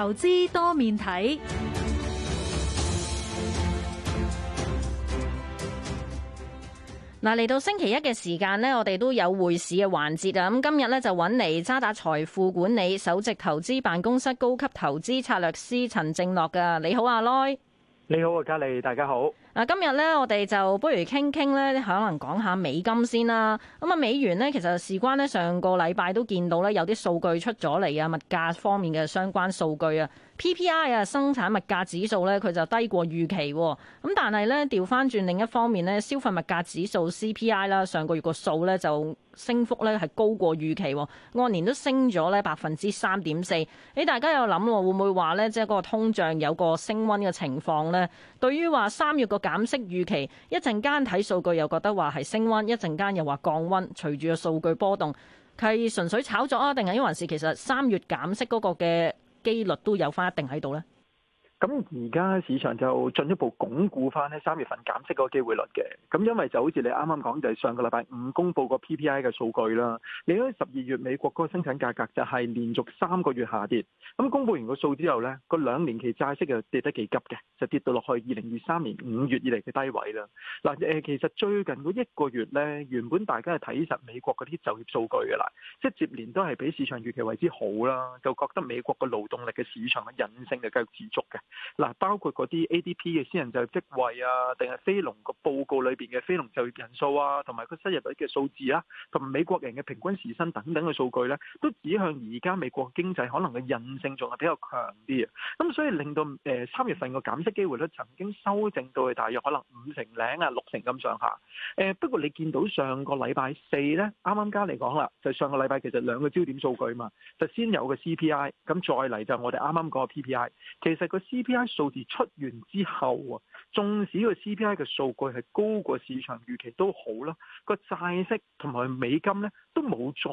投資多面睇。嗱，嚟到星期一嘅時間咧，我哋都有匯市嘅環節啊！咁今日咧就揾嚟渣打財富管理首席投資辦公室高級投資策略師陳正犖噶，你好阿 l 你好啊，嘉莉，大家好。嗱，今日咧，我哋就不如傾傾咧，可能講下美金先啦。咁啊，美元咧，其實事關咧，上個禮拜都見到咧，有啲數據出咗嚟啊，物價方面嘅相關數據啊。PPI 啊，PI, 生產物價指數咧，佢就低過預期咁、哦。但係咧，調翻轉另一方面呢，消費物價指數 CPI 啦，CP I, 上個月個數咧就升幅咧係高過預期、哦，按年都升咗咧百分之三點四。你大家有諗喎，會唔會話咧，即係嗰個通脹有個升溫嘅情況呢？對於話三月個減息預期，一陣間睇數據又覺得話係升溫，一陣間又話降溫，隨住個數據波動佢係純粹炒作啊？定係還是其實三月減息嗰個嘅？機率都有翻一定喺度咧。咁而家市場就進一步鞏固翻咧三月份減息嗰個機會率嘅。咁因為就好似你啱啱講，就係上個禮拜五公布個 PPI 嘅數據啦。你睇十二月美國嗰個生產價格就係連續三個月下跌。咁公布完個數之後呢，個兩年期債息就跌得幾急嘅，就跌到落去二零二三年五月以嚟嘅低位啦。嗱誒，其實最近嗰一個月呢，原本大家係睇實美國嗰啲就業數據㗎啦，即接連都係比市場預期為之好啦，就覺得美國個勞動力嘅市場嘅韌性就繼續持續嘅。嗱，包括嗰啲 ADP 嘅私人就職位啊，定係非農個報告裏邊嘅非農就業人數啊，同埋佢失業率嘅數字啦，啊，同美國人嘅平均時薪等等嘅數據咧，都指向而家美國經濟可能嘅韌性仲係比較強啲啊。咁所以令到誒三月份個減息機會咧，曾經修正到去大約可能五成零啊，六成咁上下。誒不過你見到上個禮拜四咧，啱啱加嚟講啦，就上個禮拜其實兩個焦點數據嘛，就先有個 CPI，咁再嚟就我哋啱啱講嘅 PPI。其實，個 C CPI 數字出完之後啊，縱使個 CPI 嘅數據係高過市場預期都好啦，個債息同埋美金咧都冇再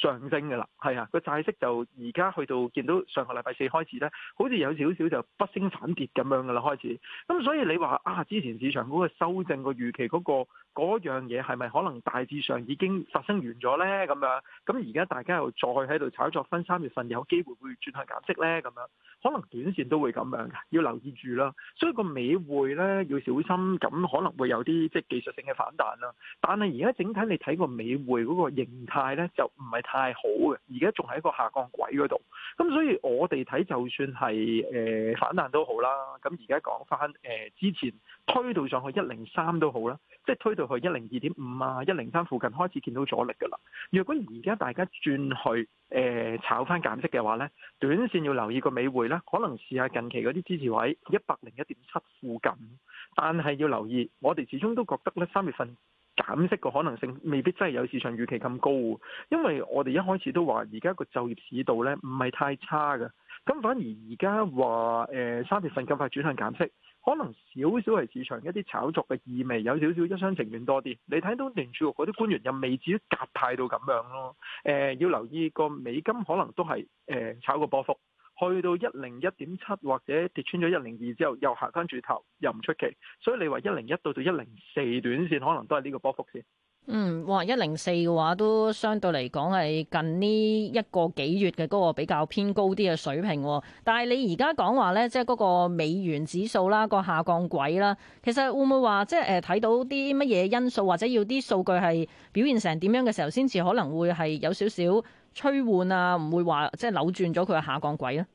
上升嘅啦。係啊個債息就而家去到見到上個禮拜四開始咧，好似有少少就不升反跌咁樣噶啦開始，咁所以你話啊之前市場嗰個修正個預期嗰個嗰樣嘢係咪可能大致上已經發生完咗咧？咁樣咁而家大家又再喺度炒作，分三月份有機會會轉向減息咧？咁樣可能短線都會咁樣。要留意住啦，所以個美匯咧要小心，咁可能會有啲即係技術性嘅反彈啦。但係而家整體你睇個美匯嗰個形態咧，就唔係太好嘅，而家仲喺個下降軌嗰度。咁所以我哋睇就算係誒反彈都好啦。咁而家講翻誒之前推到上去一零三都好啦，即係推到去一零二點五啊一零三附近開始見到阻力㗎喇。若果而家大家轉去，誒炒翻減息嘅話呢，短線要留意個美匯啦，可能試下近期嗰啲支持位一百零一點七附近，但係要留意，我哋始終都覺得呢三月份減息個可能性未必真係有市場預期咁高，因為我哋一開始都話而家個就業市道呢唔係太差嘅，咁反而而家話誒三月份咁快轉向減息。可能少少係市場一啲炒作嘅意味，有少少一廂情願多啲。你睇到連住嗰啲官員又未至於夾太到咁樣咯。誒、呃、要留意個美金可能都係誒、呃、炒個波幅，去到一零一點七或者跌穿咗一零二之後又行返轉頭，又唔出奇。所以你話一零一到到一零四短線可能都係呢個波幅先。嗯，哇，一零四嘅話都相對嚟講係近呢一個幾月嘅嗰個比較偏高啲嘅水平。但係你而家講話咧，即係嗰個美元指數啦，個下降軌啦，其實會唔會話即係誒睇到啲乜嘢因素，或者要啲數據係表現成點樣嘅時候，先至可能會係有少少趨緩啊？唔會話即係扭轉咗佢嘅下降軌呢？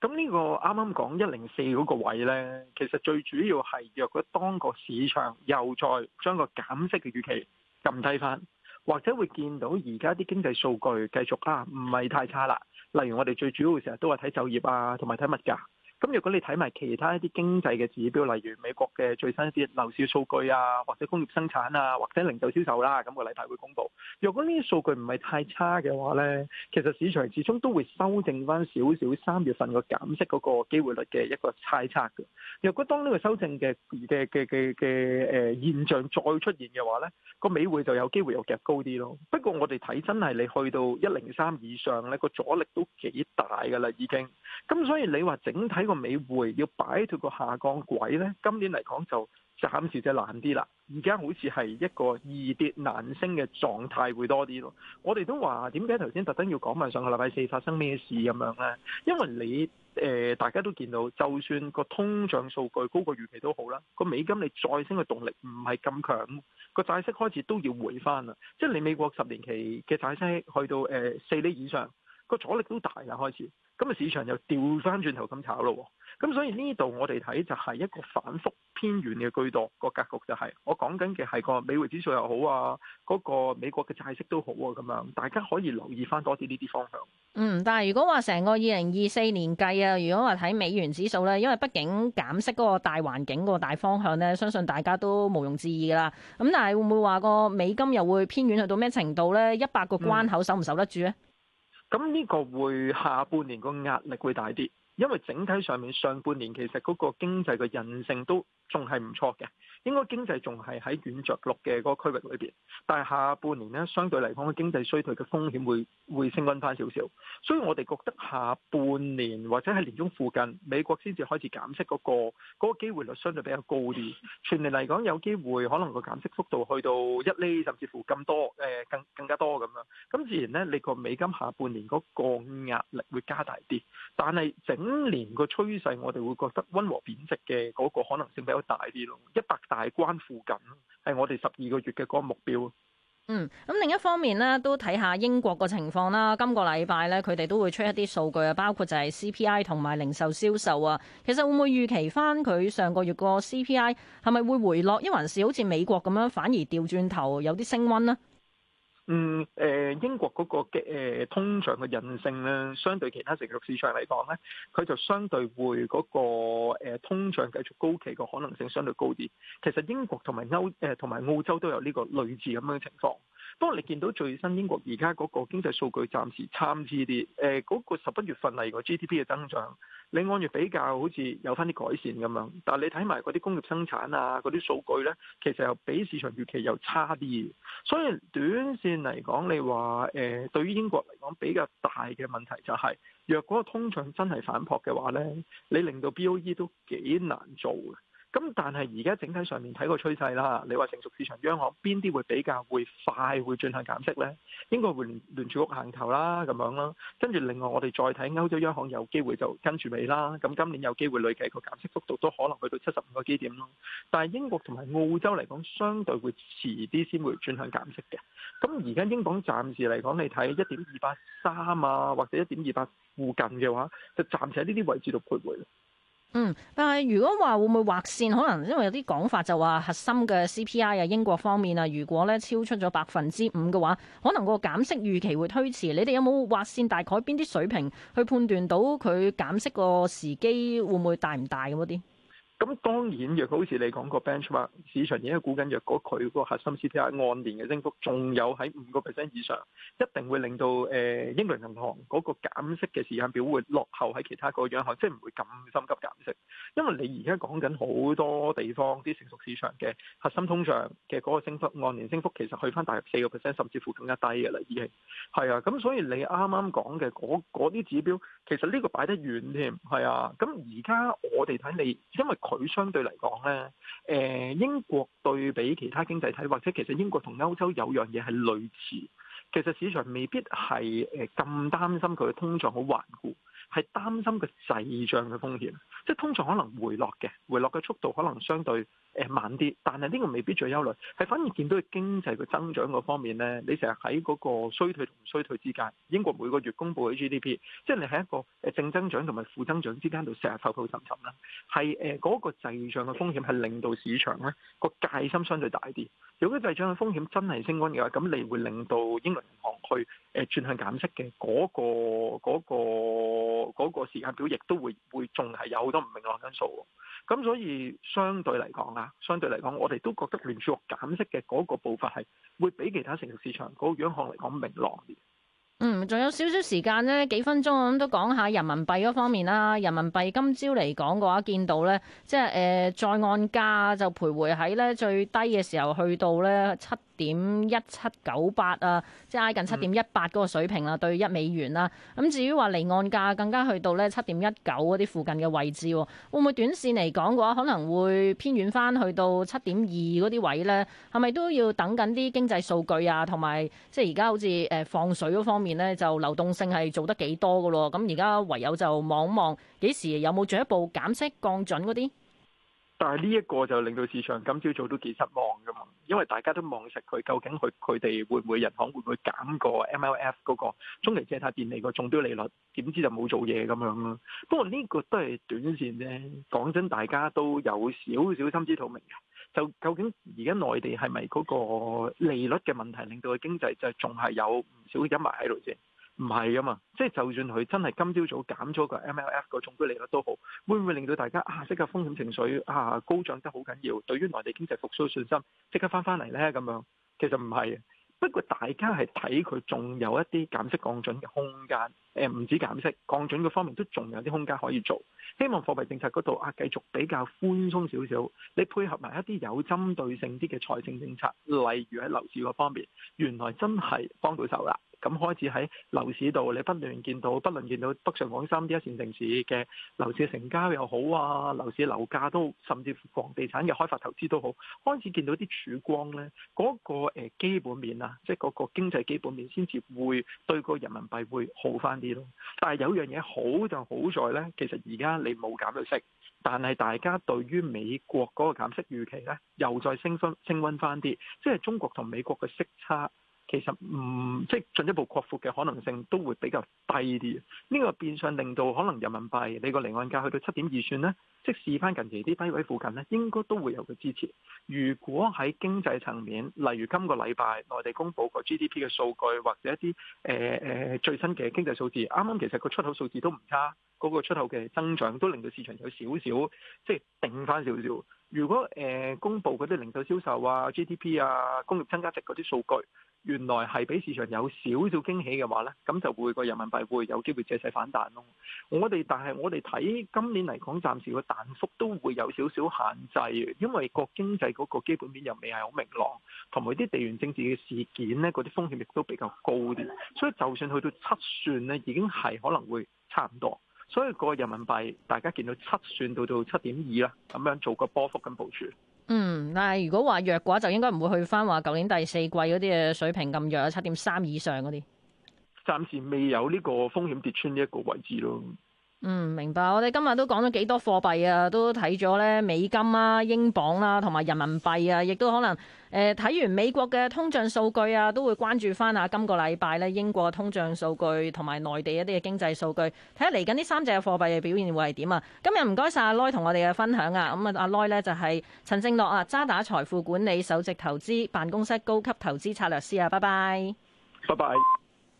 咁呢個啱啱講一零四嗰個位咧，其實最主要係若果當個市場又再將個減息嘅預期。撳低翻，或者會見到而家啲經濟數據繼續啦，唔係太差啦。例如我哋最主要成日都係睇就業啊，同埋睇物價。咁如果你睇埋其他一啲經濟嘅指標，例如美國嘅最新一啲樓市數據啊，或者工業生產啊，或者零售銷售啦，咁個禮拜會公布。若果呢啲數據唔係太差嘅話咧，其實市場始終都會修正翻少少三月份個減息嗰個機會率嘅一個猜測嘅。若果當呢個修正嘅嘅嘅嘅嘅誒現象再出現嘅話咧，個美匯就有機會又夾高啲咯。不過我哋睇真係你去到一零三以上咧，個阻力都幾大噶啦，已經咁所以你話整體個美匯要擺脱個下降軌咧，今年嚟講就暫時就難啲啦。而家好似係一個易跌難升嘅狀態會多啲咯。我哋都話點解頭先特登要講埋上個禮拜四發生咩事咁樣呢？因為你誒、呃、大家都見到，就算個通脹數據高過預期都好啦，個美金你再升嘅動力唔係咁強，個債息開始都要回翻啦。即係你美國十年期嘅債息去到誒四厘以上。阻力都大啊！開始咁啊，市場又掉翻轉頭咁炒咯，咁所以呢度我哋睇就係一個反覆偏遠嘅居多，個格局就係、是、我講緊嘅係個美匯指數又好啊，嗰個美國嘅債息都好啊，咁樣大家可以留意翻多啲呢啲方向。嗯，但係如果話成個二零二四年計啊，如果話睇美元指數咧，因為畢竟減息嗰個大環境個大方向咧，相信大家都毋庸置疑㗎啦。咁但係會唔會話個美金又會偏遠去到咩程度咧？一百個關口守唔守得住咧？嗯咁呢個會下半年個壓力會大啲，因為整體上面上半年其實嗰個經濟嘅韌性都仲係唔錯嘅。應該經濟仲係喺軟着陸嘅嗰個區域裏邊，但係下半年呢，相對嚟講嘅經濟衰退嘅風險會會升溫翻少少，所以我哋覺得下半年或者喺年中附近，美國先至開始減息嗰個嗰個機會率相對比較高啲。全年嚟講有機會可能個減息幅度去到一厘甚至乎咁多，誒、呃、更更加多咁樣。咁自然呢，你個美金下半年嗰個壓力會加大啲，但係整年個趨勢我哋會覺得溫和貶值嘅嗰個可能性比較大啲咯，一百。大關附近，係我哋十二個月嘅嗰個目標。嗯，咁另一方面咧，都睇下英國個情況啦。今個禮拜呢，佢哋都會出一啲數據啊，包括就係 CPI 同埋零售銷售啊。其實會唔會預期翻佢上個月個 CPI 係咪會回落？抑還是好似美國咁樣，反而掉轉頭有啲升溫咧？嗯，誒、呃、英國嗰個嘅誒、呃、通脹嘅韌性咧，相對其他成熟市場嚟講咧，佢就相對會嗰、那個、呃、通脹繼續高企嘅可能性相對高啲。其實英國同埋歐誒同埋澳洲都有呢個類似咁樣嘅情況。不過你見到最新英國而家嗰個經濟數據暫時參差啲，誒嗰個十一月份嚟個 GDP 嘅增長，你按月比較好似有翻啲改善咁樣，但係你睇埋嗰啲工業生產啊嗰啲數據呢，其實又比市場預期又差啲，所以短線嚟講，你話誒、呃、對於英國嚟講比較大嘅問題就係、是，若果個通脹真係反撲嘅話呢，你令到 BOE 都幾難做。咁但係而家整體上面睇個趨勢啦，你話成熟市場央行邊啲會比較會快會進行減息呢？應該會聯聯儲局行頭啦，咁樣咯。跟住另外我哋再睇歐洲央行有機會就跟住尾啦。咁今年有機會累計個減息幅度都可能去到七十五個基點咯。但係英國同埋澳洲嚟講，相對會遲啲先會進行減息嘅。咁而家英鎊暫時嚟講，你睇一點二八三啊，或者一點二八附近嘅話，就暫時喺呢啲位置度徘徊。嗯，但係如果話會唔會劃線，可能因為有啲講法就話核心嘅 CPI 啊，英國方面啊，如果咧超出咗百分之五嘅話，可能個減息預期會推遲。你哋有冇劃線？大概邊啲水平去判斷到佢減息個時機會唔會大唔大咁嗰啲？咁當然，若果好似你講，個 Benchmark 市場已經估緊，若果佢個核心 CPI 按年嘅升幅仲有喺五個 percent 以上，一定會令到誒、呃、英倫銀行嗰個減息嘅時間表會落後喺其他個央行，即係唔會咁心急減息。因為你而家講緊好多地方啲成熟市場嘅核心通脹嘅嗰個升幅按年升幅其實去翻大約四個 percent，甚至乎更加低嘅啦，已經係啊。咁所以你啱啱講嘅嗰啲指標，其實呢個擺得遠添，係啊。咁而家我哋睇你，因為佢相對嚟講呢，誒英國對比其他經濟體，或者其實英國同歐洲有樣嘢係類似，其實市場未必係誒咁擔心佢嘅通脹好頑固，係擔心個滯脹嘅風險，即係通脹可能回落嘅，回落嘅速度可能相對，誒慢啲，但係呢個未必最憂慮，係反而見到嘅經濟嘅增長嗰方面咧，你成日喺嗰個衰退同衰退之間，英國每個月公布嘅 GDP，即係你喺一個誒正增長同埋負增長之間度成日浮浮沉沉啦。係誒嗰個滯脹嘅風險係令到市場咧個戒心相對大啲。如果滯脹嘅風險真係升溫嘅話，咁你會令到英倫銀行去誒轉向減息嘅嗰個嗰個嗰個嗰個時間表，亦都會會仲係有好多唔明朗因素。咁所以相對嚟講啊～相對嚟講，我哋都覺得聯儲局減息嘅嗰個步伐係會比其他成熟市場嗰樣項嚟講明朗啲。嗯，仲有少少時間咧，幾分鐘咁都講下人民幣嗰方面啦。人民幣今朝嚟講嘅話，見到咧，即係誒再按價就徘徊喺咧最低嘅時候，去到咧七。點一七九八啊，98，即係挨近七點一八嗰個水平啦，對一美元啦。咁至於話離岸價更加去到呢七點一九嗰啲附近嘅位置，會唔會短線嚟講嘅話可能會偏遠返去到七點二嗰啲位呢？係咪都要等緊啲經濟數據啊？同埋即係而家好似誒放水嗰方面呢，就流動性係做得幾多嘅咯？咁而家唯有就望一望幾時有冇進一步減息降準嗰啲？但係呢一個就令到市場今朝早都幾失望噶嘛，因為大家都望實佢究竟佢佢哋會唔會人行會唔會減過 ML、嗰個 MLF 嗰個中期借貸便利個中標利率，點知就冇做嘢咁樣咯。不過呢個都係短線啫，講真，大家都有少少心知肚明嘅。就究竟而家內地係咪嗰個利率嘅問題令到嘅經濟就仲係有唔少陰霾喺度先？唔係啊嘛，即係就算佢真係今朝早減咗個 MLF 個重估利率都好，會唔會令到大家啊即刻風險情緒啊高漲得好緊要，對於內地經濟復甦信心即刻翻翻嚟呢，咁樣？其實唔係，不過大家係睇佢仲有一啲減息降準嘅空間，誒、呃、唔止減息降準嘅方面都仲有啲空間可以做。希望貨幣政策嗰度啊繼續比較寬鬆少少，你配合埋一啲有針對性啲嘅財政政策，例如喺樓市嗰方面，原來真係幫到手啦。咁開始喺樓市度，你不斷見到，不斷見到北上廣深呢一線城市嘅樓市成交又好啊，樓市樓價都甚至房地產嘅開發投資都好，開始見到啲曙光呢嗰、嗰個基本面啊，即係嗰個經濟基本面，先至會對個人民幣會好翻啲咯。但係有樣嘢好就好在呢，其實而家你冇減息，但係大家對於美國嗰個減息預期呢，又再升升升溫翻啲，即、就、係、是、中國同美國嘅息差。其實唔、嗯、即係進一步擴闊嘅可能性都會比較低啲。呢、呢個變相令到可能人民幣你個離岸價去到七點二算咧，即係試翻近期啲低位附近咧，應該都會有佢支持。如果喺經濟層面，例如今個禮拜內地公佈個 GDP 嘅數據，或者一啲誒誒最新嘅經濟數字，啱啱其實出數、嗰個出口數字都唔差，嗰個出口嘅增長都令到市場有少少即係頂翻少少。如果誒、呃、公佈嗰啲零售銷售啊、GDP 啊、工業增加值嗰啲數據。原來係俾市場有少少驚喜嘅話呢，咁就會個人民幣會有機會借勢反彈咯。我哋但係我哋睇今年嚟講，暫時個彈幅都會有少少限制，因為個經濟嗰個基本面又未係好明朗，同埋啲地緣政治嘅事件呢，嗰啲風險亦都比較高啲。所以就算去到七算呢，已經係可能會差唔多。所以個人民幣大家見到七算到到七點二啦，咁樣做個波幅咁部署。嗯，但係如果話弱嘅話，就應該唔會去返話舊年第四季嗰啲嘅水平咁弱，七點三以上嗰啲，暫時未有呢個風險跌穿呢一個位置咯。嗯，明白。我哋今日都講咗幾多貨幣啊，都睇咗咧美金啊、英鎊啊同埋人民幣啊，亦都可能誒睇、呃、完美國嘅通脹數據啊，都會關注翻啊今個禮拜咧英國通脹數據同埋內地一啲嘅經濟數據，睇下嚟緊呢三隻嘅貨幣嘅表現會係點啊。今日唔該晒阿 Lo 同我哋嘅分享啊，咁啊阿 Lo 咧就係、是、陳正犖啊，渣打財富管理首席投資辦公室高級投資策略師啊，拜拜。拜拜。